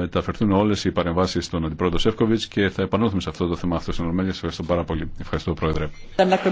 μεταφερθούν όλε οι παρεμβάσει στον Αντιπρόεδρο Σεύκοβιτ και θα επανέλθουμε σε αυτό το θέμα αυτό στην Σα ευχαριστώ πάρα πολύ. Ευχαριστώ, Πρόεδρε.